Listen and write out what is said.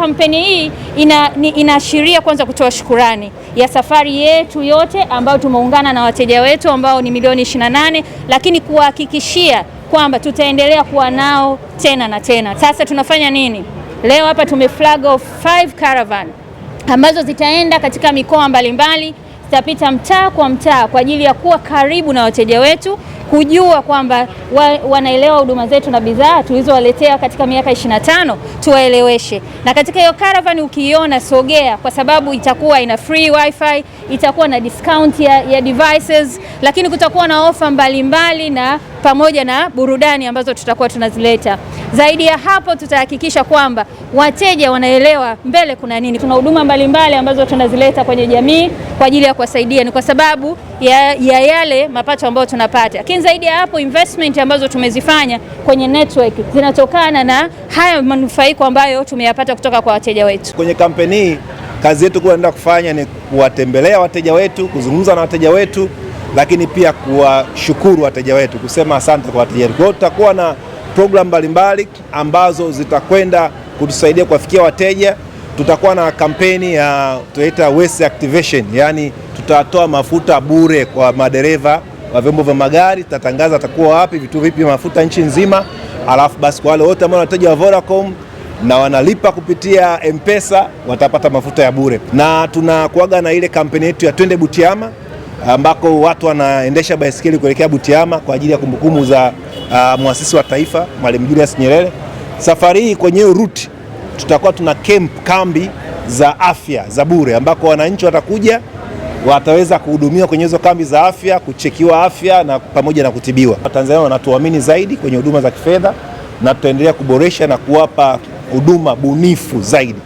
kampeni hii inaashiria kwanza kutoa shukurani ya safari yetu yote ambayo tumeungana na wateja wetu ambao ni milioni 28, lakini kuwahakikishia kwamba tutaendelea kuwa nao tena na tena. Sasa tunafanya nini? Leo hapa tumeflag off 5 caravan ambazo zitaenda katika mikoa mbalimbali mbali, tutapita mtaa kwa mtaa kwa ajili ya kuwa karibu na wateja wetu, kujua kwamba wa, wanaelewa huduma zetu na bidhaa tulizowaletea katika miaka 25 tuwaeleweshe. Na katika hiyo caravan ukiiona, sogea, kwa sababu itakuwa ina free wifi, itakuwa na discount ya, ya devices, lakini kutakuwa na ofa mbalimbali na pamoja na burudani ambazo tutakuwa tunazileta. Zaidi ya hapo, tutahakikisha kwamba wateja wanaelewa mbele kuna nini. Tuna huduma mbalimbali ambazo tunazileta kwenye jamii kwa ajili ya kuwasaidia, ni kwa sababu ya, ya yale mapato ambayo tunapata. Lakini zaidi ya hapo, investment ambazo tumezifanya kwenye network zinatokana na haya manufaiko ambayo tumeyapata kutoka kwa wateja wetu kwenye kampeni hii. Kazi yetu kubwa naenda kufanya ni kuwatembelea wateja wetu, kuzungumza na wateja wetu, lakini pia kuwashukuru wateja wetu, kusema asante kwa wateja wetu. Kwa hiyo tutakuwa na program mbalimbali ambazo zitakwenda kutusaidia kuwafikia wateja. Tutakuwa na kampeni ya tunaita waste activation, yani tutatoa mafuta bure kwa madereva wa vyombo vya magari. Tutatangaza atakuwa wapi, vituo vipi mafuta nchi nzima, alafu basi kwa wale wote ambao wateja wa Vodacom na wanalipa kupitia Mpesa watapata mafuta ya bure, na tunakuaga na ile kampeni yetu ya twende Butiama ambako watu wanaendesha baisikeli kuelekea Butiama kwa ajili ya kumbukumbu za uh, mwasisi wa taifa Mwalimu Julius Nyerere. Safari hii kwenye hiyo ruti tutakuwa tuna camp, kambi za afya za bure ambako wananchi watakuja wataweza kuhudumiwa kwenye hizo kambi za afya, kuchekiwa afya na pamoja na kutibiwa. Watanzania wanatuamini zaidi kwenye huduma za kifedha na tutaendelea kuboresha na kuwapa huduma bunifu zaidi.